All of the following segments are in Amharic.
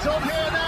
It's on here now.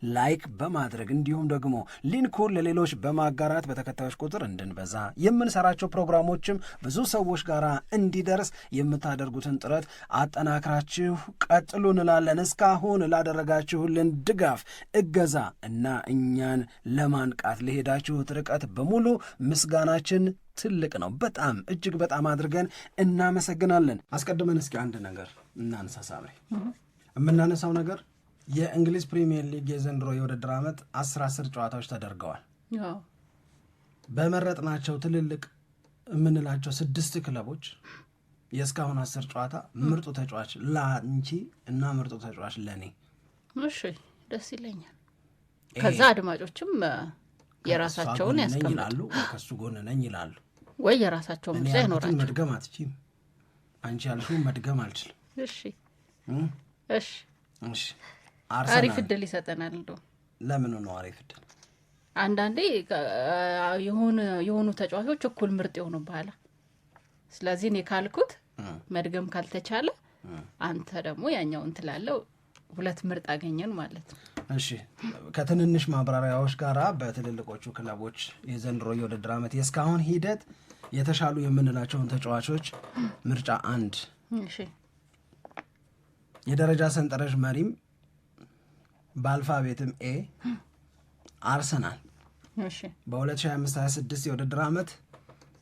ላይክ በማድረግ እንዲሁም ደግሞ ሊንኩን ለሌሎች በማጋራት በተከታዮች ቁጥር እንድንበዛ የምንሰራቸው ፕሮግራሞችም ብዙ ሰዎች ጋር እንዲደርስ የምታደርጉትን ጥረት አጠናክራችሁ ቀጥሉ እንላለን። እስካሁን ላደረጋችሁልን ድጋፍ፣ እገዛ እና እኛን ለማንቃት ለሄዳችሁት ርቀት በሙሉ ምስጋናችን ትልቅ ነው። በጣም እጅግ በጣም አድርገን እናመሰግናለን። አስቀድመን እስኪ አንድ ነገር እናንሳ። የምናነሳው ነገር የእንግሊዝ ፕሪሚየር ሊግ የዘንድሮ የውድድር ዓመት አስር አስር ጨዋታዎች ተደርገዋል። በመረጥናቸው ትልልቅ የምንላቸው ስድስት ክለቦች የእስካሁን አስር ጨዋታ ምርጡ ተጫዋች ለአንቺ እና ምርጡ ተጫዋች ለእኔ። እሺ ደስ ይለኛል። ከዛ አድማጮችም የራሳቸውን ያስቀምጣሉ። ከሱ ጎን ነኝ ይላሉ ወይ የራሳቸው ምርጫ ይኖራል። መድገም አትችም። አንቺ ያልሽው መድገም አልችልም። እሺ እሺ እሺ አሪፍ እድል ይሰጠናል። እንደ ለምኑ ነው አሪፍ እድል? አንዳንዴ የሆኑ ተጫዋቾች እኩል ምርጥ የሆኑ በኋላ ስለዚህ እኔ ካልኩት መድገም ካልተቻለ አንተ ደግሞ ያኛው እንትላለው ሁለት ምርጥ አገኘን ማለት ነው። እሺ ከትንንሽ ማብራሪያዎች ጋር በትልልቆቹ ክለቦች የዘንድሮ የውድድር ዓመት የእስካሁን ሂደት የተሻሉ የምንላቸውን ተጫዋቾች ምርጫ አንድ የደረጃ ሰንጠረዥ መሪም በአልፋቤትም ኤ አርሰናል በ2025/26 የውድድር ዓመት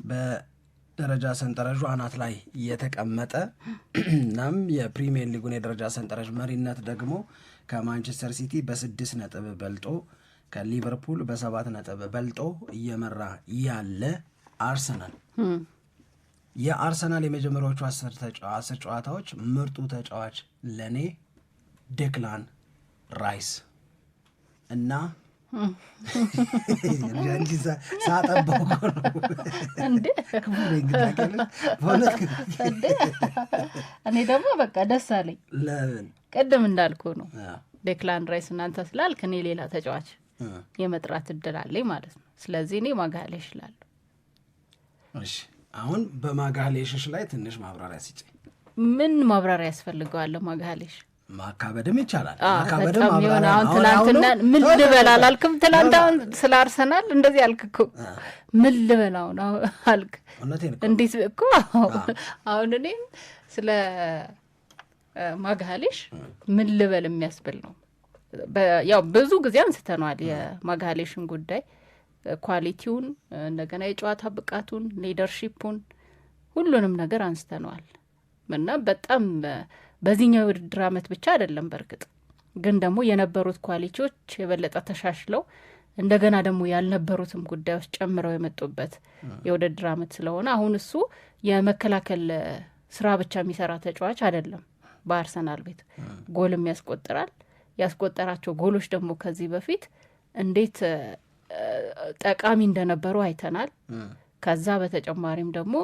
በደረጃ ሰንጠረዡ አናት ላይ የተቀመጠ እናም የፕሪሚየር ሊጉን የደረጃ ሰንጠረዥ መሪነት ደግሞ ከማንቸስተር ሲቲ በስድስት ነጥብ በልጦ ከሊቨርፑል በሰባት ነጥብ በልጦ እየመራ ያለ አርሰናል የአርሰናል የመጀመሪያዎቹ አስር ጨዋታዎች ምርጡ ተጫዋች ለእኔ ዴክላን ራይስ እና እኔ ደግሞ በቃ ደስ አለኝ። ለምን ቅድም እንዳልኩ ነው ዴክላን ራይስ እናንተ ስላልክ እኔ ሌላ ተጫዋች የመጥራት እድል አለኝ ማለት ነው። ስለዚህ እኔ ማጋሌሽ እላለሁ። እሺ አሁን በማጋሌሽሽ ላይ ትንሽ ማብራሪያ ስጪ። ምን ማብራሪያ ያስፈልገዋለሁ ማጋሌሽ ማካበድም ይቻላል። ማካበድም አሁን ትናንትና ምን ልበል አላልክም? ትናንት አሁን ስለ አርሰናል እንደዚህ አልክ እኮ ምን ልበል አሁን አልክ። እንዴት እኮ አሁን እኔም ስለ ማግሃሌሽ ምን ልበል የሚያስብል ነው። ያው ብዙ ጊዜ አንስተነዋል የማግሃሌሽን ጉዳይ ኳሊቲውን፣ እንደገና የጨዋታ ብቃቱን፣ ሊደርሺፑን ሁሉንም ነገር አንስተነዋል እና በጣም በዚህኛው የውድድር ዓመት ብቻ አይደለም። በእርግጥ ግን ደግሞ የነበሩት ኳሊቲዎች የበለጠ ተሻሽለው እንደገና ደግሞ ያልነበሩትም ጉዳዮች ጨምረው የመጡበት የውድድር ዓመት ስለሆነ አሁን እሱ የመከላከል ስራ ብቻ የሚሰራ ተጫዋች አይደለም። በአርሰናል ቤት ጎልም ያስቆጥራል። ያስቆጠራቸው ጎሎች ደግሞ ከዚህ በፊት እንዴት ጠቃሚ እንደነበሩ አይተናል። ከዛ በተጨማሪም ደግሞ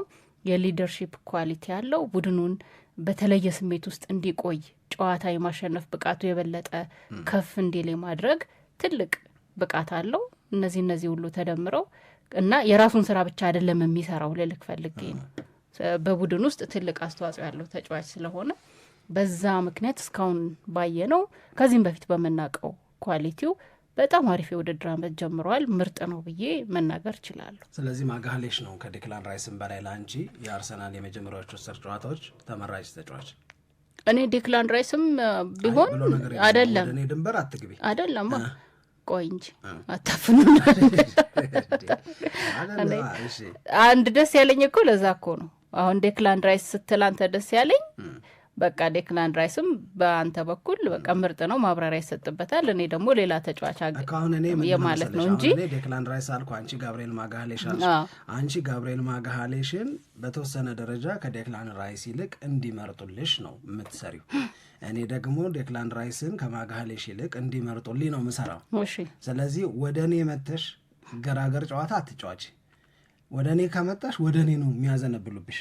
የሊደርሺፕ ኳሊቲ ያለው ቡድኑን በተለየ ስሜት ውስጥ እንዲቆይ ጨዋታ የማሸነፍ ብቃቱ የበለጠ ከፍ እንዲል ማድረግ ትልቅ ብቃት አለው። እነዚህ እነዚህ ሁሉ ተደምረው እና የራሱን ስራ ብቻ አይደለም የሚሰራው ልልክ ፈልጌ ነው። በቡድን ውስጥ ትልቅ አስተዋጽኦ ያለው ተጫዋች ስለሆነ በዛ ምክንያት እስካሁን ባየ ነው ከዚህም በፊት በምናውቀው ኳሊቲው በጣም አሪፍ የውድድር አመት ጀምረዋል። ምርጥ ነው ብዬ መናገር እችላለሁ። ስለዚህ ማጋሌሽ ነው ከዴክላን ራይስን በላይ ለአንቺ የአርሰናል የመጀመሪያዎቹ አስር ጨዋታዎች ተመራጭ ተጫዋች። እኔ ዴክላን ራይስም ቢሆን አይደለም እኔ ድንበር አትግቢ አይደለም ቆይ እንጂ አታፍኑ። አንድ ደስ ያለኝ እኮ ለዛ እኮ ነው አሁን ዴክላን ራይስ ስትል አንተ ደስ ያለኝ በቃ ዴክላን ራይስም በአንተ በኩል በቃ ምርጥ ነው፣ ማብራሪያ ይሰጥበታል። እኔ ደግሞ ሌላ ተጫዋች የማለት ነው እንጂ ዴክላን ራይስ አልኩ። አንቺ ጋብርኤል ማጋሌሽ አንቺ ጋብርኤል ማጋሌሽን በተወሰነ ደረጃ ከዴክላን ራይስ ይልቅ እንዲመርጡልሽ ነው የምትሰሪው። እኔ ደግሞ ዴክላን ራይስን ከማጋሌሽ ይልቅ እንዲመርጡልኝ ነው የምሰራው። ስለዚህ ወደ እኔ መተሽ ገራገር ጨዋታ አትጫዋች። ወደ እኔ ከመጣሽ ወደ እኔ ነው የሚያዘነብሉብሽ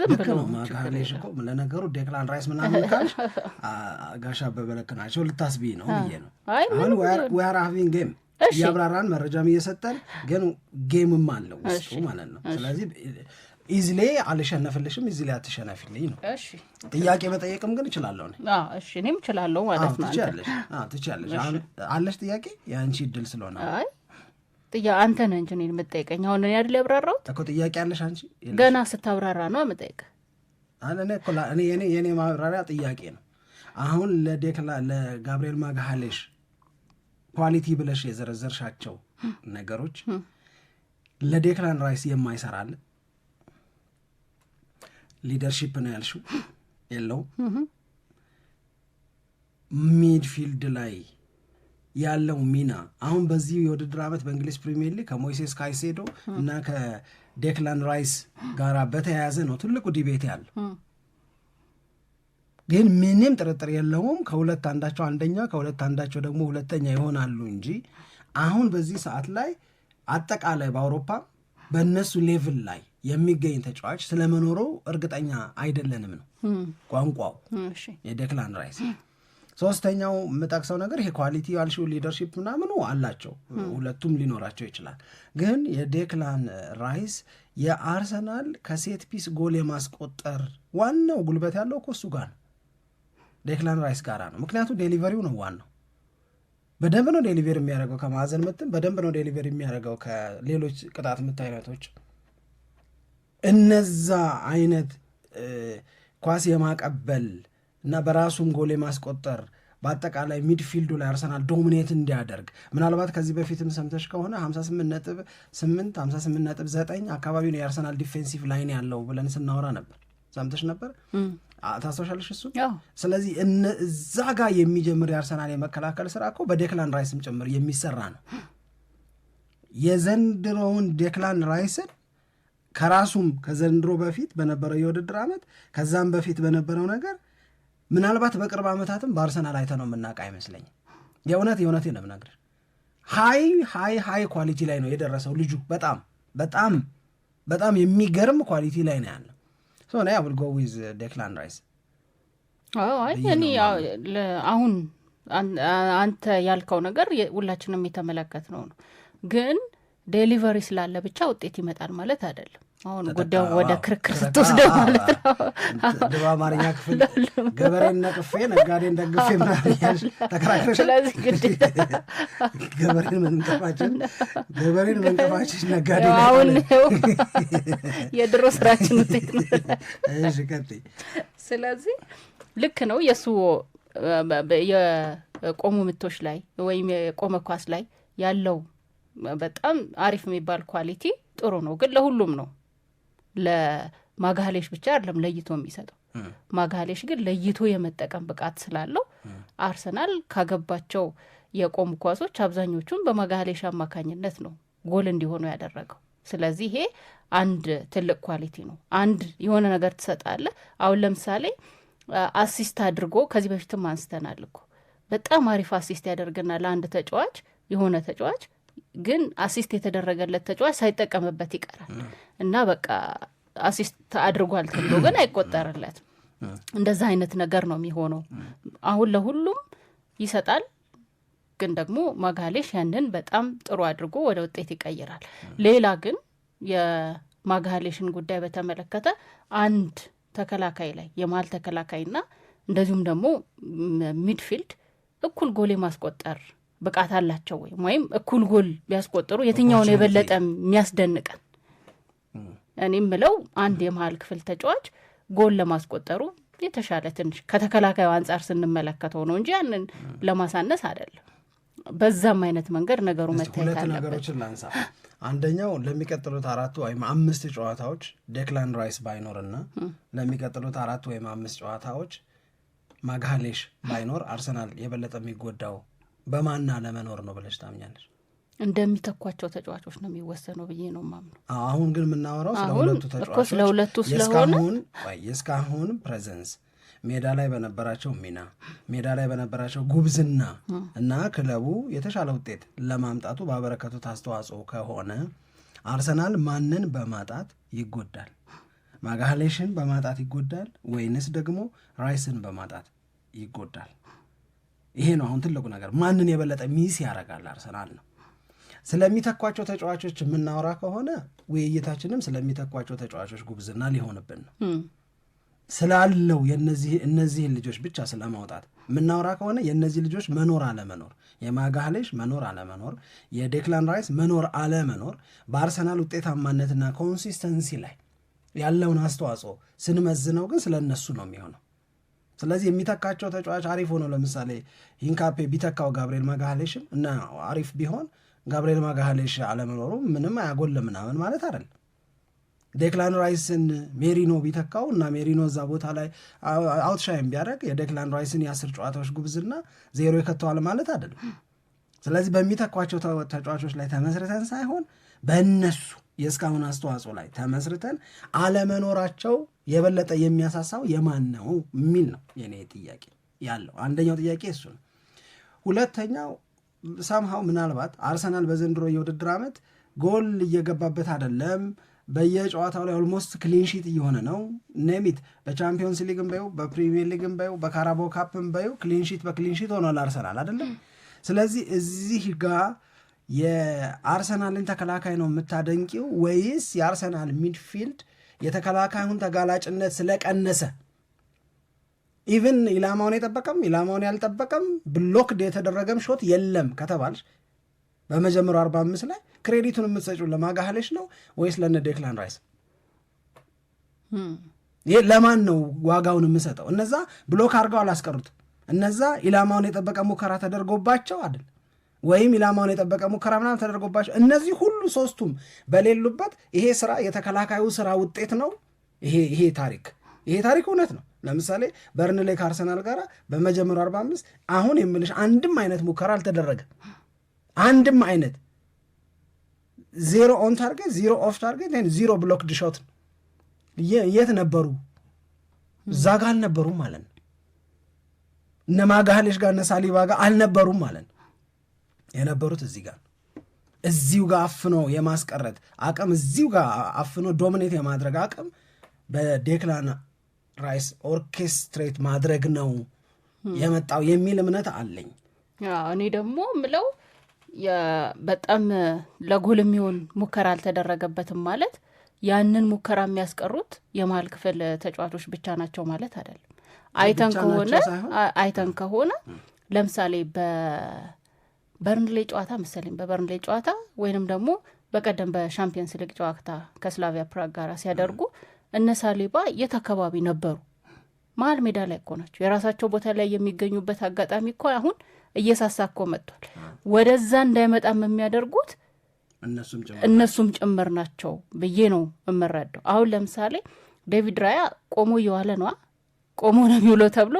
ልክ ነው። ማጋሌሽ እኮ ለነገሩ ዴክላን ራይስ ምናምን ካልሽ ጋሻ በበለክ ናቸው ልታስቢ ነው ብዬ ነው። አሁን ዌአር ሃቪንግ ጌም እያብራራን መረጃም እየሰጠን ግን ጌምም አለው ውስጡ ማለት ነው። ስለዚህ ኢዝሌ አልሸነፍልሽም፣ ኢዝሌ አትሸነፊልኝ ነው። ጥያቄ መጠየቅም ግን እችላለሁ፣ እኔም እችላለሁ ማለት ነው። ትችያለሽ፣ ትችያለሽ። አለሽ ጥያቄ የአንቺ እድል ስለሆነ አንተ ነህ እንጂ እኔን የምጠይቀኝ አሁን እኔ አይደል ያብራራሁት እኮ ጥያቄ አለሽ አንቺ ገና ስታብራራ ነው የምጠይቀህ የኔ ማብራሪያ ጥያቄ ነው አሁን ለዴክላ ለጋብርኤል ማግሃሌሽ ኳሊቲ ብለሽ የዘረዘርሻቸው ነገሮች ለዴክላን ራይስ የማይሰራል ሊደርሺፕ ነው ያልሽው የለውም ሚድፊልድ ላይ ያለው ሚና አሁን በዚህ የውድድር ዓመት በእንግሊዝ ፕሪሚየር ሊግ ከሞይሴስ ካይሴዶ እና ከዴክላን ራይስ ጋር በተያያዘ ነው ትልቁ ዲቤት ያለው። ግን ምንም ጥርጥር የለውም ከሁለት አንዳቸው አንደኛ ከሁለት አንዳቸው ደግሞ ሁለተኛ ይሆናሉ እንጂ አሁን በዚህ ሰዓት ላይ አጠቃላይ በአውሮፓ በእነሱ ሌቭል ላይ የሚገኝ ተጫዋች ስለመኖረው እርግጠኛ አይደለንም ነው ቋንቋው የዴክላን ራይስ ሶስተኛው የምጠቅሰው ነገር ይሄ ኳሊቲ ያልሺው ሊደርሺፕ ምናምኑ አላቸው፣ ሁለቱም ሊኖራቸው ይችላል። ግን የዴክላን ራይስ የአርሰናል ከሴት ፒስ ጎል የማስቆጠር ዋናው ጉልበት ያለው እኮ እሱ ጋር ነው፣ ዴክላን ራይስ ጋር ነው። ምክንያቱም ዴሊቨሪው ነው ዋናው። በደንብ ነው ዴሊቨር የሚያደርገው ከማዕዘን ምትን፣ በደንብ ነው ዴሊቨር የሚያደርገው ከሌሎች ቅጣት ምት አይነቶች። እነዛ አይነት ኳስ የማቀበል እና በራሱም ጎል ማስቆጠር በአጠቃላይ ሚድፊልዱ ላይ አርሰናል ዶሚኔት እንዲያደርግ ምናልባት ከዚህ በፊትም ሰምተሽ ከሆነ 58 ነጥብ 8 58 ነጥብ 9 አካባቢ ነው የአርሰናል ዲፌንሲቭ ላይን ያለው ብለን ስናወራ ነበር። ሰምተሽ ነበር ታስታውሻለሽ? እሱ ስለዚህ እዛ ጋር የሚጀምር የአርሰናል የመከላከል ስራ እኮ በዴክላን ራይስም ጭምር የሚሰራ ነው። የዘንድሮውን ዴክላን ራይስን ከራሱም ከዘንድሮ በፊት በነበረው የውድድር ዓመት ከዛም በፊት በነበረው ነገር ምናልባት በቅርብ ዓመታትም በአርሰናል አይተ ነው የምናውቅ አይመስለኝም። የእውነት የእውነት ነው የምናግርህ ሀይ ሀይ ሀይ ኳሊቲ ላይ ነው የደረሰው ልጁ። በጣም በጣም በጣም የሚገርም ኳሊቲ ላይ ነው ያለው። ሶ ያ ዊል ጎ ዊዝ ዴክላን ራይስ። አሁን አንተ ያልከው ነገር ሁላችንም የተመለከት ነው ነው ግን ዴሊቨሪ ስላለ ብቻ ውጤት ይመጣል ማለት አይደለም። አሁን ጉዳዩ ወደ ክርክር ስትወስደው ማለት ነው። ድሮ አማርኛ ክፍል ገበሬን ነቅፌ ነጋዴን ደግፌ ተከራክረሽ፣ ስለዚህ ግዴታ ገበሬን መንቀፋችን ገበሬን መንቀፋችን ነጋዴ አሁን የድሮ ስራችን ውጤት ነው። ስለዚህ ልክ ነው የእሱ የቆሙ ምቶች ላይ ወይም የቆመ ኳስ ላይ ያለው በጣም አሪፍ የሚባል ኳሊቲ ጥሩ ነው፣ ግን ለሁሉም ነው ለማጋሌሽ ብቻ አይደለም ለይቶ የሚሰጠው ማጋሌሽ ግን ለይቶ የመጠቀም ብቃት ስላለው አርሰናል ካገባቸው የቆሙ ኳሶች አብዛኞቹን በማጋሌሽ አማካኝነት ነው ጎል እንዲሆኑ ያደረገው። ስለዚህ ይሄ አንድ ትልቅ ኳሊቲ ነው። አንድ የሆነ ነገር ትሰጣለ። አሁን ለምሳሌ አሲስት አድርጎ ከዚህ በፊትም አንስተናል እኮ በጣም አሪፍ አሲስት ያደርግና ለአንድ ተጫዋች የሆነ ተጫዋች ግን አሲስት የተደረገለት ተጫዋች ሳይጠቀምበት ይቀራል እና በቃ አሲስት አድርጓል ተብሎ ግን አይቆጠርለትም። እንደዛ አይነት ነገር ነው የሚሆነው። አሁን ለሁሉም ይሰጣል፣ ግን ደግሞ ማጋሌሽ ያንን በጣም ጥሩ አድርጎ ወደ ውጤት ይቀይራል። ሌላ ግን የማጋሌሽን ጉዳይ በተመለከተ አንድ ተከላካይ ላይ የመሀል ተከላካይና እንደዚሁም ደግሞ ሚድፊልድ እኩል ጎል ማስቆጠር ብቃት አላቸው ወይም ወይም እኩል ጎል ቢያስቆጥሩ የትኛውን የበለጠ የሚያስደንቀን? እኔ ምለው አንድ የመሀል ክፍል ተጫዋች ጎል ለማስቆጠሩ የተሻለ ትንሽ ከተከላካዩ አንጻር ስንመለከተው ነው እንጂ ያንን ለማሳነስ አይደለም። በዛም አይነት መንገድ ነገሩ መታየት ነገሮችን ላንሳ። አንደኛው ለሚቀጥሉት አራት ወይም አምስት ጨዋታዎች ዴክላን ራይስ ባይኖርና ለሚቀጥሉት አራት ወይም አምስት ጨዋታዎች ማግሃሌሽ ባይኖር አርሰናል የበለጠ የሚጎዳው በማና ለመኖር ነው ብለሽ ታምኛለሽ? እንደሚተኳቸው ተጫዋቾች ነው የሚወሰነው ብዬ ነው ማምነው። አሁን ግን የምናወራው ስለሁለቱ ተጫዋቾች ስለሁለቱ ስለሆነ የእስካሁን ፕሬዘንስ ሜዳ ላይ በነበራቸው ሚና ሜዳ ላይ በነበራቸው ጉብዝና እና ክለቡ የተሻለ ውጤት ለማምጣቱ ባበረከቱት አስተዋጽኦ ከሆነ አርሰናል ማንን በማጣት ይጎዳል? ማጋሌሽን በማጣት ይጎዳል ወይንስ ደግሞ ራይስን በማጣት ይጎዳል? ይሄ ነው አሁን ትልቁ ነገር። ማንን የበለጠ ሚስ ያደርጋል አርሰናል ነው። ስለሚተኳቸው ተጫዋቾች የምናወራ ከሆነ ውይይታችንም ስለሚተኳቸው ተጫዋቾች ጉብዝና ሊሆንብን ነው። ስላለው የነዚህ እነዚህን ልጆች ብቻ ስለማውጣት የምናወራ ከሆነ የእነዚህ ልጆች መኖር አለመኖር፣ የማጋሌሽ መኖር አለመኖር፣ የዴክላን ራይስ መኖር አለመኖር በአርሰናል ውጤታማነትና ኮንሲስተንሲ ላይ ያለውን አስተዋጽኦ ስንመዝነው ግን ስለ እነሱ ነው የሚሆነው። ስለዚህ የሚተካቸው ተጫዋች አሪፍ ሆኖ ለምሳሌ ሂንካፔ ቢተካው ጋብርኤል ማጋሃሌሽም እና አሪፍ ቢሆን ጋብርኤል ማጋሃሌሽ አለመኖሩ ምንም አያጎል ምናምን ማለት አይደለም። ዴክላን ራይስን ሜሪኖ ቢተካው እና ሜሪኖ እዛ ቦታ ላይ አውትሻይም ቢያደርግ የዴክላን ራይስን የአስር ጨዋታዎች ጉብዝና ዜሮ ይከተዋል ማለት አይደለም። ስለዚህ በሚተኳቸው ተጫዋቾች ላይ ተመስርተን ሳይሆን በእነሱ የእስካሁን አስተዋጽኦ ላይ ተመስርተን አለመኖራቸው የበለጠ የሚያሳሳው የማን ነው የሚል ነው የኔ ጥያቄ ያለው። አንደኛው ጥያቄ እሱ ነው። ሁለተኛው ሰምሃው ምናልባት አርሰናል በዘንድሮ የውድድር ዓመት ጎል እየገባበት አይደለም። በየጨዋታው ላይ ኦልሞስት ክሊንሺት እየሆነ ነው። ኔሚት በቻምፒዮንስ ሊግም በዩ በፕሪሚየር ሊግም በዩ በካራቦ ካፕም በዩ ክሊንሺት በክሊንሺት ሆኗል አርሰናል አይደለም። ስለዚህ እዚህ ጋር የአርሰናልን ተከላካይ ነው የምታደንቂው ወይስ የአርሰናል ሚድፊልድ የተከላካዩን ተጋላጭነት ስለቀነሰ ኢቭን ኢላማውን የጠበቀም ኢላማውን ያልጠበቀም ብሎክድ የተደረገም ሾት የለም ከተባልሽ በመጀመሪያው 45 ላይ ክሬዲቱን የምትሰጩ ለማጋህለሽ ነው ወይስ ለነ ዴክላን ራይስ? Hmm. ይህ ለማን ነው ዋጋውን የምሰጠው? እነዛ ብሎክ አድርገው አላስቀሩት። እነዛ ኢላማውን የጠበቀ ሙከራ ተደርጎባቸው አይደል ወይም ኢላማውን የጠበቀ ሙከራ ምናምን ተደርጎባቸው እነዚህ ሁሉ ሶስቱም በሌሉበት ይሄ ስራ የተከላካዩ ስራ ውጤት ነው። ይሄ ይሄ ታሪክ ይሄ ታሪክ እውነት ነው። ለምሳሌ በርንሌ ከአርሰናል ጋር በመጀመሩ 45 አሁን የምልሽ አንድም አይነት ሙከራ አልተደረገ አንድም አይነት ዜሮ ኦን ታርጌት፣ ዜሮ ኦፍ ታርጌት፣ ዜሮ ብሎክ ድሾት የት ነበሩ? እዛ ጋ አልነበሩም ማለት ነው። እነ ማጋሌሽ ጋር እነ ሳሊባ ጋር አልነበሩም ማለት ነው። የነበሩት እዚህ ጋር እዚሁ ጋር አፍኖ የማስቀረት አቅም እዚሁ ጋር አፍኖ ዶሚኔት የማድረግ አቅም በዴክላን ራይስ ኦርኬስትሬት ማድረግ ነው hmm. የመጣው የሚል እምነት አለኝ። እኔ ደግሞ ምለው በጣም ለጎል የሚሆን ሙከራ አልተደረገበትም ማለት ያንን ሙከራ የሚያስቀሩት የመሀል ክፍል ተጫዋቾች ብቻ ናቸው ማለት አይደለም። አይተን ከሆነ አይተን hmm. ከሆነ ለምሳሌ በ በርንሌ ጨዋታ መሰለኝ በበርንሌ ጨዋታ ወይንም ደግሞ በቀደም በሻምፒየንስ ሊግ ጨዋታ ከስላቪያ ፕራግ ጋር ሲያደርጉ እነ ሳሊባ የት አካባቢ ነበሩ? መሀል ሜዳ ላይ እኮ ናቸው። የራሳቸው ቦታ ላይ የሚገኙበት አጋጣሚ እኮ አሁን እየሳሳ እኮ መጥቷል። ወደዛ እንዳይመጣም የሚያደርጉት እነሱም ጭምር ናቸው ብዬ ነው የምረዳው። አሁን ለምሳሌ ዴቪድ ራያ ቆሞ እየዋለ ነዋ ቆሞ ነው የሚውለው ተብሎ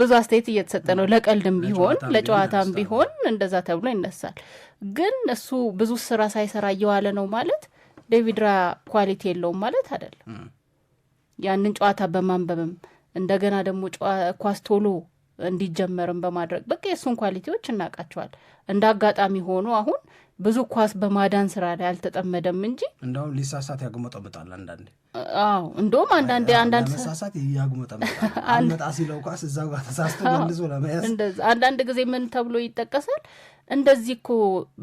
ብዙ አስተያየት እየተሰጠ ነው። ለቀልድም ቢሆን ለጨዋታም ቢሆን እንደዛ ተብሎ ይነሳል። ግን እሱ ብዙ ስራ ሳይሰራ እየዋለ ነው ማለት ዴቪድ ራ ኳሊቲ የለውም ማለት አይደለም። ያንን ጨዋታ በማንበብም እንደገና ደግሞ ኳስ ቶሎ እንዲጀመርም በማድረግ በቃ የእሱን ኳሊቲዎች እናውቃቸዋል። እንደ አጋጣሚ ሆኖ አሁን ብዙ ኳስ በማዳን ስራ ላይ አልተጠመደም እንጂ እንደውም ሊሳሳት ያጉመጠምጣል አንዳንዴ። አዎ እንደውም አንዳንዴ አንዳንድ ሳሳት ያጉመጠምጣል አልመጣ ሲለው ኳስ እዛ ጋር ተሳስቶ መልሶ ለመያዝ አንዳንድ ጊዜ ምን ተብሎ ይጠቀሳል? እንደዚህ እኮ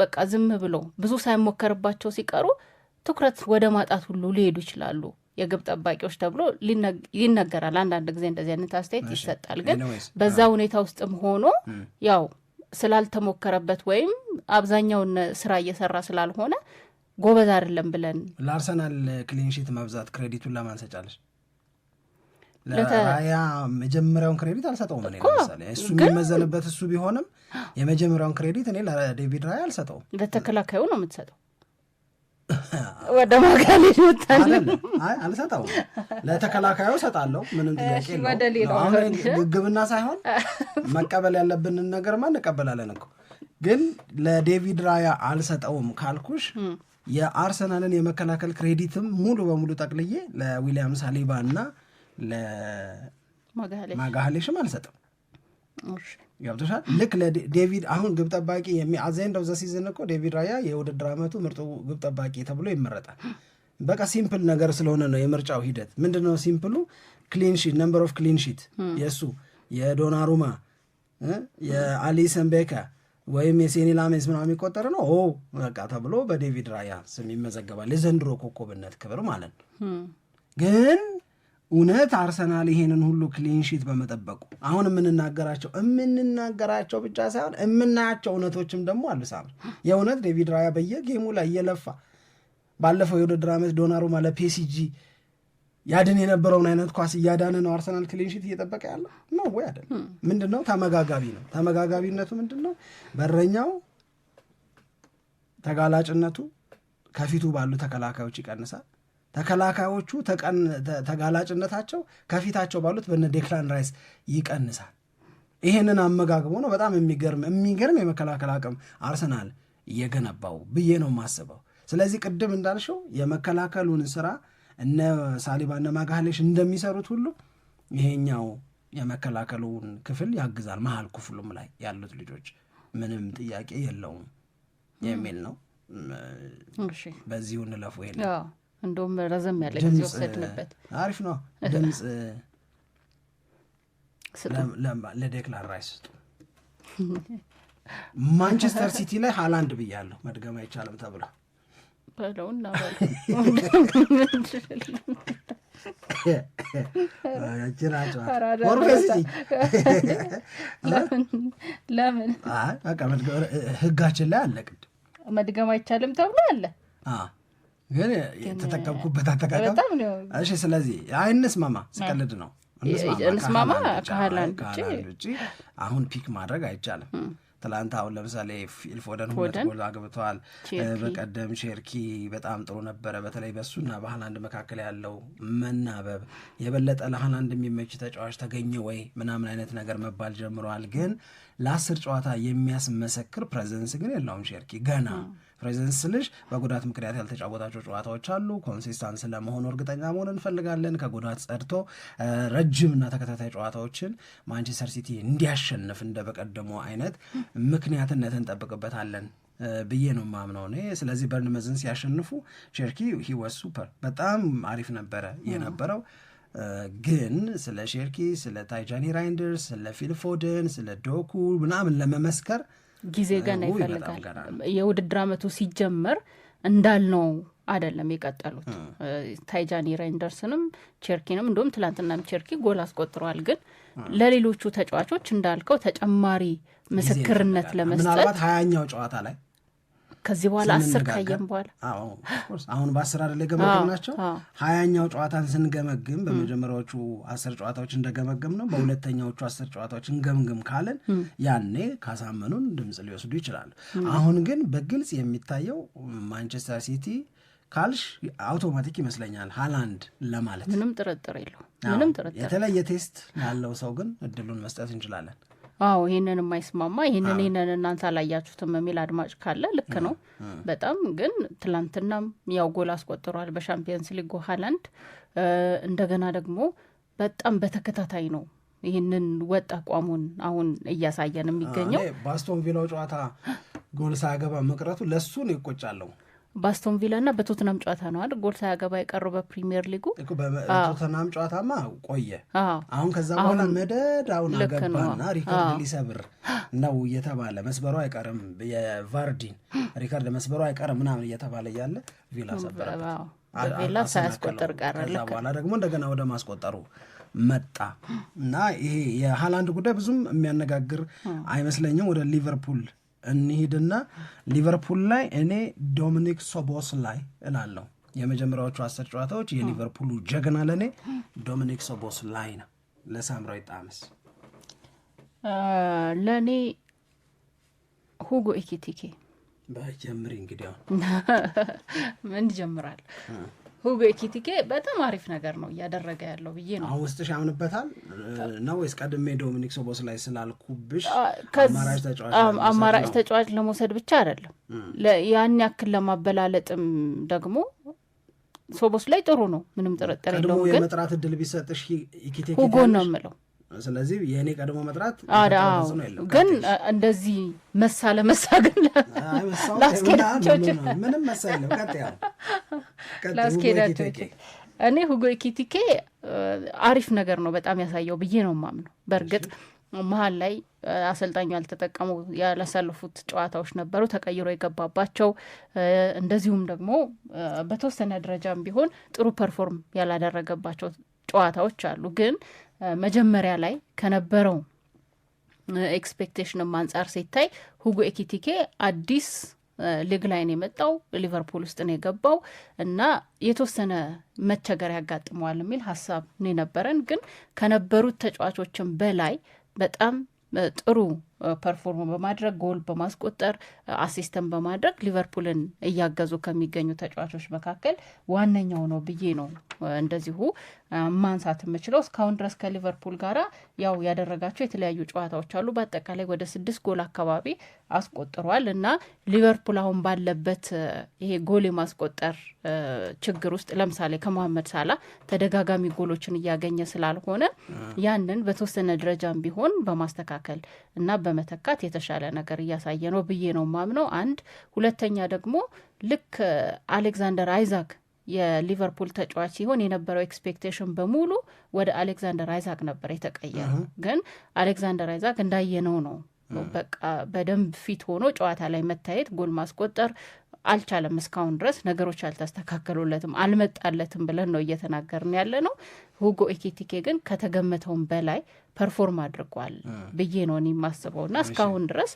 በቃ ዝም ብሎ ብዙ ሳይሞከርባቸው ሲቀሩ ትኩረት ወደ ማጣት ሁሉ ሊሄዱ ይችላሉ የግብ ጠባቂዎች ተብሎ ይነገራል። አንዳንድ ጊዜ እንደዚህ አይነት አስተያየት ይሰጣል። ግን በዛ ሁኔታ ውስጥም ሆኖ ያው ስላልተሞከረበት ወይም አብዛኛውን ስራ እየሰራ ስላልሆነ ጎበዝ አይደለም ብለን ለአርሰናል ክሊንሺት መብዛት ክሬዲቱን ለማን ሰጫለች? ለራያ መጀመሪያውን ክሬዲት አልሰጠውም። እኔ ለምሳሌ እሱ የሚመዘንበት እሱ ቢሆንም የመጀመሪያውን ክሬዲት እኔ ለዴቪድ ራያ አልሰጠውም። ለተከላካዩ ነው የምትሰጠው። ወደ ማጋሌ ለተከላካዩ እሰጣለሁ። ምንም ጥያቄ ግብና ሳይሆን መቀበል ያለብንን ነገር እንቀበላለን እኮ። ግን ለዴቪድ ራያ አልሰጠውም ካልኩሽ የአርሰናልን የመከላከል ክሬዲትም ሙሉ በሙሉ ጠቅልዬ ለዊሊያም ሳሊባ እና ለማጋሌሽም አልሰጥም። ገብቶሻል። ልክ ለዴቪድ አሁን ግብ ጠባቂ አዘንዳው ዘ ሲዝን እኮ ዴቪድ ራያ የውድድር ዓመቱ ምርጡ ግብ ጠባቂ ተብሎ ይመረጣል። በቃ ሲምፕል ነገር ስለሆነ ነው የምርጫው ሂደት። ምንድነው ሲምፕሉ? ክሊንሺት ነምበር ኦፍ ክሊንሺት የእሱ የዶናሩማ የአሊሰን ቤከ ወይም የሴኒ ላሜንስ ምናምን የሚቆጠር ነው በቃ ተብሎ በዴቪድ ራያ ስም ይመዘገባል። የዘንድሮ ኮከብነት ክብር ማለት ነው ግን እውነት አርሰናል ይሄንን ሁሉ ክሊንሺት በመጠበቁ አሁን የምንናገራቸው የምንናገራቸው ብቻ ሳይሆን የምናያቸው እውነቶችም ደግሞ አሉ። ሳምር የእውነት ዴቪድ ራያ በየጌሙ ላይ እየለፋ ባለፈው የውድድር ዓመት ዶናሩማ ለፔሲጂ ያድን የነበረውን አይነት ኳስ እያዳነ ነው አርሰናል ክሊንሺት እየጠበቀ ያለ ነው ወይ አይደል? Hm. ምንድን ነው ተመጋጋቢ ነው። ተመጋጋቢነቱ ምንድን ነው? በረኛው ተጋላጭነቱ ከፊቱ ባሉ ተከላካዮች ይቀንሳል። ተከላካዮቹ ተጋላጭነታቸው ከፊታቸው ባሉት በነ ዴክላን ራይስ ይቀንሳል። ይሄንን አመጋግቦ ነው በጣም የሚገርም የሚገርም የመከላከል አቅም አርሰናል እየገነባው ብዬ ነው የማስበው። ስለዚህ ቅድም እንዳልሽው የመከላከሉን ስራ እነ ሳሊባ እነ ማጋሌሽ እንደሚሰሩት ሁሉ ይሄኛው የመከላከሉን ክፍል ያግዛል። መሀል ክፍሉም ላይ ያሉት ልጆች ምንም ጥያቄ የለውም የሚል ነው። በዚሁ እንለፉ ይሄ እንደውም ረዘም ያለ ጊዜ ወሰድንበት። አሪፍ ነው። ድምፅ ለዴክላን ራይስ ስጡ። ማንቸስተር ሲቲ ላይ ሃላንድ ብያለሁ፣ መድገም አይቻልም ተብሎ በለውና ለምን ህጋችን ላይ አለ፣ ቅድም መድገም አይቻልም ተብሎ አለ ግን የተጠቀምኩበት አጠቃቀም እሺ። ስለዚህ አይንስማማ ስቀልድ ነው እንስማማ። ከሃላንድ ውጭ አሁን ፒክ ማድረግ አይቻልም። ትላንት አሁን ለምሳሌ ፊልፎደን ሁለት ጎል አግብተዋል። በቀደም ሼርኪ በጣም ጥሩ ነበረ። በተለይ በእሱና በሃላንድ መካከል ያለው መናበብ የበለጠ ለሃላንድ የሚመች ተጫዋች ተገኘ ወይ ምናምን አይነት ነገር መባል ጀምረዋል። ግን ለአስር ጨዋታ የሚያስመሰክር ፕሬዘንስ ግን የለውም ሼርኪ ገና ፕሬዘንስ ስልሽ በጉዳት ምክንያት ያልተጫወታቸው ጨዋታዎች አሉ። ኮንሲስታንስ ለመሆኑ እርግጠኛ መሆን እንፈልጋለን። ከጉዳት ጸድቶ ረጅምና ተከታታይ ጨዋታዎችን ማንቸስተር ሲቲ እንዲያሸንፍ እንደ በቀደሞ አይነት ምክንያትነት እንጠብቅበታለን ብዬ ነው ማምነው እኔ። ስለዚህ በርንመዝን ሲያሸንፉ ሼርኪ ሂወስ ሱፐር በጣም አሪፍ ነበረ የነበረው። ግን ስለ ሼርኪ፣ ስለ ታይጃኒ ራይንደር፣ ስለ ፊልፎደን፣ ስለ ዶኩ ምናምን ለመመስከር ጊዜ ገና ይፈልጋል። የውድድር ዓመቱ ሲጀመር እንዳልነው አይደለም የቀጠሉት። ታይጃኒ ሬንደርስንም ቸርኪንም እንዲሁም ትላንትናም ቸርኪ ጎል አስቆጥሯል ግን ለሌሎቹ ተጫዋቾች እንዳልከው ተጨማሪ ምስክርነት ለመስጠት ምናልባት ሀያኛው ጨዋታ ላይ ከዚህ በኋላ አስር ካየም በኋላ አሁን በአስር አደለ የገመገም ናቸው። ሀያኛው ጨዋታን ስንገመግም በመጀመሪያዎቹ አስር ጨዋታዎች እንደገመገም ነው በሁለተኛዎቹ አስር ጨዋታዎች እንገምግም ካለን ያኔ ካሳመኑን ድምፅ ሊወስዱ ይችላሉ። አሁን ግን በግልጽ የሚታየው ማንቸስተር ሲቲ ካልሽ አውቶማቲክ ይመስለኛል ሃላንድ ለማለት ምንም ጥርጥር የለው። ምንም ጥርጥር የተለየ ቴስት ላለው ሰው ግን እድሉን መስጠት እንችላለን። አዎ ይህንን የማይስማማ ይህንን ይህንን እናንተ አላያችሁትም የሚል አድማጭ ካለ ልክ ነው በጣም ግን ትላንትናም ያው ጎል አስቆጥሯል በሻምፒየንስ ሊግ ሃላንድ እንደገና ደግሞ በጣም በተከታታይ ነው ይህንን ወጥ አቋሙን አሁን እያሳየን የሚገኘው በአስቶን ቪላው ጨዋታ ጎል ሳያገባ መቅረቱ ለሱ ነው ይቆጫለሁ በአስቶን ቪላ እና በቶትናም ጨዋታ ነው አይደል ጎል ሳያገባ የቀረው በፕሪሚየር ሊጉ። ቶትናም ጨዋታማ ቆየ። አሁን ከዛ በኋላ መደድ አሁን አገባና ሪከርድ ሊሰብር ነው እየተባለ መስበሩ አይቀርም የቫርዲን ሪከርድ መስበሩ አይቀርም ምናምን እየተባለ እያለ ቪላ ሰበረበት። ቪላ ሳያስቆጠር ቀረ። ከዛ በኋላ ደግሞ እንደገና ወደ ማስቆጠሩ መጣ እና ይሄ የሃላንድ ጉዳይ ብዙም የሚያነጋግር አይመስለኝም። ወደ ሊቨርፑል እንሂድና ሊቨርፑል ላይ እኔ ዶሚኒክ ሶቦስ ላይ እላለሁ። የመጀመሪያዎቹ አስር ጨዋታዎች የሊቨርፑሉ ጀግና ለእኔ ዶሚኒክ ሶቦስ ላይ ነው። ለሳምራዊ ጣምስ ለእኔ ሁጎ ኢኪቲኬ በጀምሪ እንግዲህ ምን ጀምራል ሁቤ ኪቲኬ በጣም አሪፍ ነገር ነው እያደረገ ያለው ብዬ ነው። አሁን ውስጥሽ ያምንበታል ነው ወይስ ቀድሜ ዶሚኒክ ሶቦስ ላይ ስላልኩብሽ አማራጭ ተጫዋች ለመውሰድ ብቻ አይደለም፣ ያን ያክል ለማበላለጥም ደግሞ ሶቦስ ላይ ጥሩ ነው፣ ምንም ጥርጥር የለውም። ግን የመጥራት እድል ቢሰጥሽ ሁጎን ነው የምለው ስለዚህ የእኔ ቀድሞ መጥራት ግን እንደዚህ መሳ ለመሳ ግን መሳ የለም። ላስኬዳቸው እኔ ሁጎ ኢኪቲኬ አሪፍ ነገር ነው በጣም ያሳየው ብዬ ነው የማምነው። በእርግጥ መሀል ላይ አሰልጣኙ ያልተጠቀሙ ያላሳለፉት ጨዋታዎች ነበሩ ተቀይሮ የገባባቸው እንደዚሁም ደግሞ በተወሰነ ደረጃም ቢሆን ጥሩ ፐርፎርም ያላደረገባቸው ጨዋታዎች አሉ ግን መጀመሪያ ላይ ከነበረው ኤክስፔክቴሽንም አንጻር ሲታይ ሁጎ ኤኪቲኬ አዲስ ሊግ ላይን የመጣው ሊቨርፑል ውስጥ ነው የገባው እና የተወሰነ መቸገር ያጋጥመዋል የሚል ሀሳብ ነው የነበረን። ግን ከነበሩት ተጫዋቾችን በላይ በጣም ጥሩ ፐርፎርም በማድረግ ጎል በማስቆጠር አሲስተን በማድረግ ሊቨርፑልን እያገዙ ከሚገኙ ተጫዋቾች መካከል ዋነኛው ነው ብዬ ነው እንደዚሁ ማንሳት የምችለው እስካሁን ድረስ ከሊቨርፑል ጋር ያው ያደረጋቸው የተለያዩ ጨዋታዎች አሉ። በአጠቃላይ ወደ ስድስት ጎል አካባቢ አስቆጥሯል እና ሊቨርፑል አሁን ባለበት ይሄ ጎል የማስቆጠር ችግር ውስጥ ለምሳሌ ከመሐመድ ሳላ ተደጋጋሚ ጎሎችን እያገኘ ስላልሆነ ያንን በተወሰነ ደረጃም ቢሆን በማስተካከል እና በመተካት የተሻለ ነገር እያሳየ ነው ብዬ ነው ማምነው። አንድ ሁለተኛ ደግሞ ልክ አሌክዛንደር አይዛክ የሊቨርፑል ተጫዋች ሲሆን የነበረው ኤክስፔክቴሽን በሙሉ ወደ አሌክዛንደር አይዛክ ነበር የተቀየረው። ግን አሌክዛንደር አይዛክ እንዳየነው ነው። በቃ በደንብ ፊት ሆኖ ጨዋታ ላይ መታየት፣ ጎል ማስቆጠር አልቻለም። እስካሁን ድረስ ነገሮች አልተስተካከሉለትም፣ አልመጣለትም ብለን ነው እየተናገርን ያለ ነው። ሁጎ ኤኪቲኬ ግን ከተገመተውን በላይ ፐርፎርም አድርጓል ብዬ ነው እኔ የማስበው እና እስካሁን ድረስ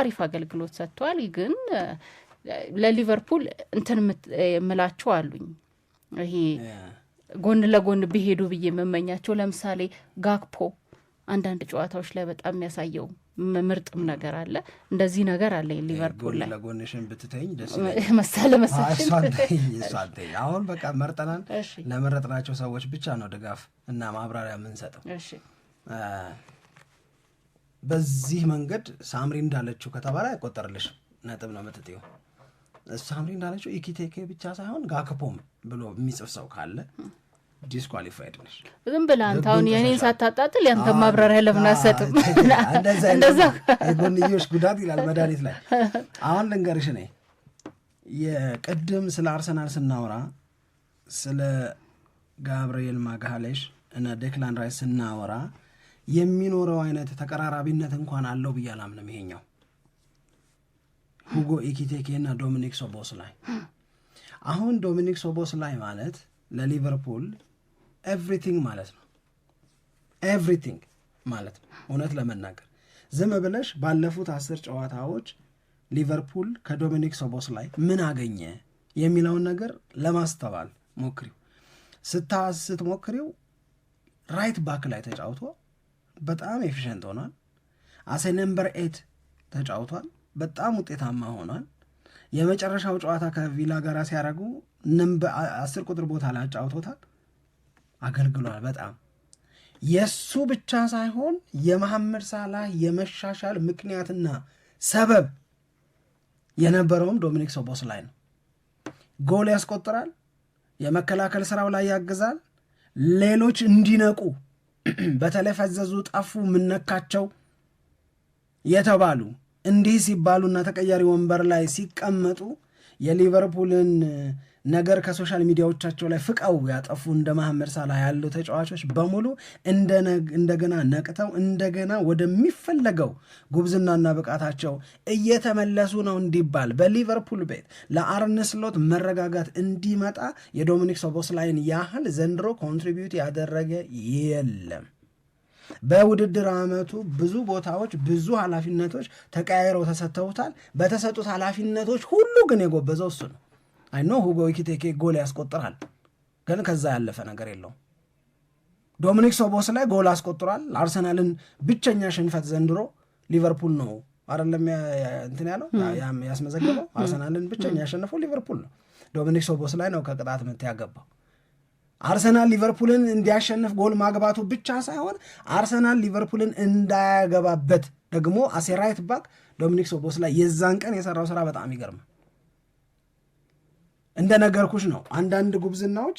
አሪፍ አገልግሎት ሰጥቷል ግን ለሊቨርፑል እንትን የምላቸው አሉኝ ይሄ ጎን ለጎን ቢሄዱ ብዬ የምመኛቸው ለምሳሌ ጋክፖ አንዳንድ ጨዋታዎች ላይ በጣም የሚያሳየው ምርጥም ነገር አለ። እንደዚህ ነገር አለ ሊቨርፑል ላይ ለጎንሽን ብትተኝ ደስ መሳለ አሁን በቃ መርጠናል። ለመረጥናቸው ሰዎች ብቻ ነው ድጋፍ እና ማብራሪያ የምንሰጠው። በዚህ መንገድ ሳምሪ እንዳለችው ከተባለ አይቆጠርልሽ ነጥብ ነው የምትጥይው። ሳምሪ እንዳለችው ኢኪቴኬ ብቻ ሳይሆን ጋክፖም ብሎ የሚጽፍ ሰው ካለ ዲስኳሊፋይድ ነሽ። ዝም ብለህ አንተ አሁን የእኔን ሳታጣጥል ያንተ ማብራሪያ ለምን አትሰጥም? እንደዛ የጎንዮሽ ጉዳት ይላል መድኃኒት ላይ። አሁን ልንገርሽ ነ የቅድም ስለ አርሰናል ስናወራ ስለ ጋብርኤል ማግሃሌሽ እና ዴክላን ራይስ ስናወራ የሚኖረው አይነት ተቀራራቢነት እንኳን አለው ብዬ አላምንም ይሄኛው ሁጎ ኢኪቴኬ እና ዶሚኒክ ሶቦስ ላይ አሁን ዶሚኒክ ሶቦስ ላይ ማለት ለሊቨርፑል ኤቭሪቲንግ ማለት ነው። ኤቭሪቲንግ ማለት ነው። እውነት ለመናገር ዝም ብለሽ ባለፉት አስር ጨዋታዎች ሊቨርፑል ከዶሚኒክ ሶቦስ ላይ ምን አገኘ የሚለውን ነገር ለማስተዋል ሞክሪው። ስታስት ሞክሪው ራይት ባክ ላይ ተጫውቶ በጣም ኤፊሽንት ሆኗል። አሴ ነምበር ኤት ተጫውቷል። በጣም ውጤታማ ሆኗል። የመጨረሻው ጨዋታ ከቪላ ጋር ሲያደርጉ አስር ቁጥር ቦታ ላይ አጫውቶታል፣ አገልግሏል። በጣም የእሱ ብቻ ሳይሆን የመሐመድ ሳላህ የመሻሻል ምክንያትና ሰበብ የነበረውም ዶሚኒክ ሶቦስ ላይ ነው። ጎል ያስቆጥራል፣ የመከላከል ስራው ላይ ያግዛል፣ ሌሎች እንዲነቁ በተለይ ፈዘዙ፣ ጠፉ፣ ምነካቸው የተባሉ እንዲህ ሲባሉና ተቀያሪ ወንበር ላይ ሲቀመጡ የሊቨርፑልን ነገር ከሶሻል ሚዲያዎቻቸው ላይ ፍቀው ያጠፉ እንደ መሐመድ ሳላ ያሉ ተጫዋቾች በሙሉ እንደገና ነቅተው እንደገና ወደሚፈለገው ጉብዝናና ብቃታቸው እየተመለሱ ነው እንዲባል በሊቨርፑል ቤት ለአርነ መረጋጋት እንዲመጣ የዶሚኒክ ሶቦስላይን ያህል ዘንድሮ ኮንትሪቢዩት ያደረገ የለም። በውድድር ዓመቱ ብዙ ቦታዎች ብዙ ኃላፊነቶች ተቀያይረው ተሰጥተውታል። በተሰጡት ኃላፊነቶች ሁሉ ግን የጎበዘው እሱ ነው። አይኖ ሁጎ ኢኪቴኬ ጎል ያስቆጥራል፣ ግን ከዛ ያለፈ ነገር የለውም። ዶሚኒክ ሶቦስ ላይ ጎል አስቆጥሯል። አርሰናልን ብቸኛ ሽንፈት ዘንድሮ ሊቨርፑል ነው አይደለም እንትን ያለው ያስመዘገበው አርሰናልን ብቸኛ ያሸነፈው ሊቨርፑል ነው። ዶሚኒክ ሶቦስ ላይ ነው ከቅጣት ምት ያገባው። አርሰናል ሊቨርፑልን እንዲያሸንፍ ጎል ማግባቱ ብቻ ሳይሆን አርሰናል ሊቨርፑልን እንዳያገባበት ደግሞ አሴራይት ባክ ዶሚኒክ ሶቦስ ላይ የዛን ቀን የሰራው ስራ በጣም ይገርም። ኩሽ ነው። አንዳንድ ጉብዝናዎች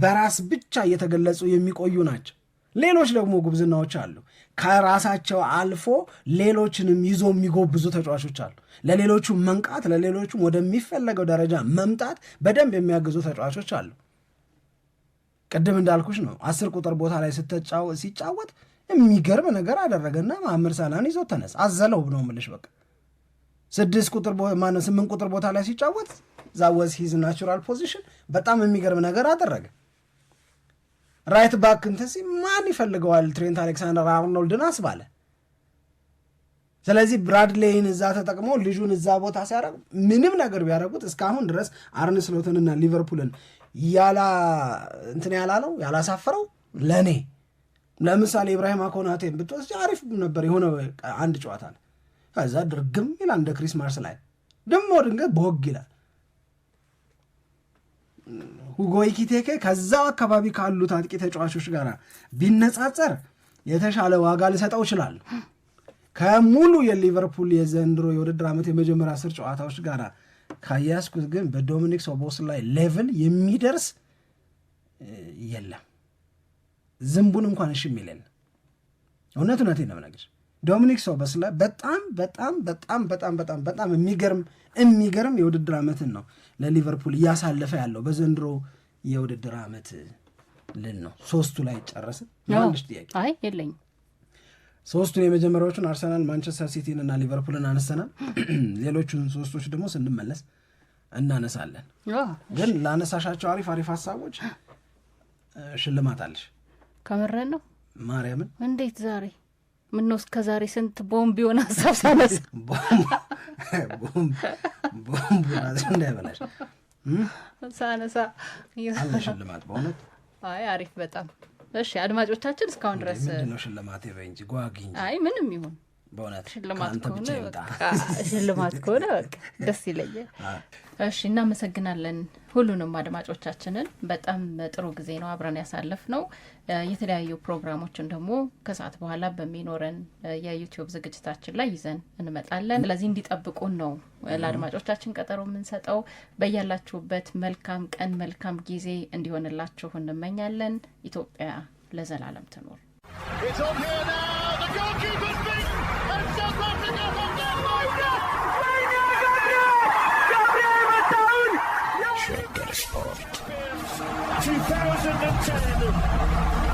በራስ ብቻ እየተገለጹ የሚቆዩ ናቸው። ሌሎች ደግሞ ጉብዝናዎች አሉ፣ ከራሳቸው አልፎ ሌሎችንም ይዞ የሚጎብዙ ተጫዋቾች አሉ። ለሌሎቹ መንቃት፣ ለሌሎቹም ወደሚፈለገው ደረጃ መምጣት በደንብ የሚያግዙ ተጫዋቾች አሉ። ቅድም እንዳልኩሽ ነው አስር ቁጥር ቦታ ላይ ሲጫወት የሚገርም ነገር አደረገና ማምር ሳላን ይዞ ተነስ አዘለው ነው ምልሽ በቃ ስድስት ቁጥር ማነው ስምንት ቁጥር ቦታ ላይ ሲጫወት ዛወዝ ሂዝ ናቹራል ፖዚሽን በጣም የሚገርም ነገር አደረገ ራይት ባክ እንትን ማን ይፈልገዋል ትሬንት አሌክሳንደር አርኖልድን አስባለ ስለዚህ ብራድሌይን እዛ ተጠቅሞ ልጁን እዛ ቦታ ሲያደርግ ምንም ነገር ቢያደርጉት እስካሁን ድረስ አርንስሎትንና ሊቨርፑልን ያላ እንትን ያላለው ያላሳፈረው ለእኔ ለምሳሌ ኢብራሂም አኮናቴ ብትወስድ አሪፍ ነበር የሆነ አንድ ጨዋታ ነው። ከዛ ድርግም ይላል እንደ ክሪስማስ ላይ ደግሞ ድንገት በወግ ይላል። ሁጎ ኢኪቴኬ ከዛው አካባቢ ካሉት አጥቂ ተጫዋቾች ጋር ቢነጻጸር የተሻለ ዋጋ ልሰጠው ይችላል። ከሙሉ የሊቨርፑል የዘንድሮ የውድድር ዓመት የመጀመሪያ አስር ጨዋታዎች ጋር ካያስኩት ግን በዶሚኒክ ሶቦስላይ ሌቭል የሚደርስ የለም። ዝንቡን እንኳን እሽ የሚለን እውነት እውነት ነው ነገር ዶሚኒክ ሶቦስላይ በጣም በጣም በጣም በጣም በጣም በጣም የሚገርም የሚገርም የውድድር ዓመትን ነው ለሊቨርፑል እያሳለፈ ያለው በዘንድሮ የውድድር ዓመት ልን ነው ሶስቱ ላይ ጨረስን። አይ የለኝም ሶስቱን የመጀመሪያዎቹን አርሰናል፣ ማንቸስተር ሲቲን እና ሊቨርፑልን አነሰናል። ሌሎቹን ሶስቶች ደግሞ ስንመለስ እናነሳለን። ግን ላነሳሻቸው አሪፍ አሪፍ ሀሳቦች ሽልማት አለሽ። ከምረን ነው ማርያምን። እንዴት ዛሬ ምነው እስከ ዛሬ ስንት ቦምብ የሆነ ሀሳብ ሳነሳ ቦምብ እንዳይበላሽ ሳነሳ ሽልማት በእውነት አይ አሪፍ በጣም እሺ አድማጮቻችን እስካሁን ድረስ ምንድነው ሽልማት ይበይ ጓግኝ አይ ምንም ይሁን በእውነት ሽልማት ከሆነ በቃ ደስ ይለኛል። እሺ እናመሰግናለን ሁሉንም አድማጮቻችንን። በጣም ጥሩ ጊዜ ነው አብረን ያሳለፍ ነው። የተለያዩ ፕሮግራሞችን ደግሞ ከሰዓት በኋላ በሚኖረን የዩቲዩብ ዝግጅታችን ላይ ይዘን እንመጣለን። ስለዚህ እንዲጠብቁን ነው ለአድማጮቻችን ቀጠሮ የምንሰጠው። በያላችሁበት መልካም ቀን መልካም ጊዜ እንዲሆንላችሁ እንመኛለን። ኢትዮጵያ ለዘላለም ትኖር። 2010.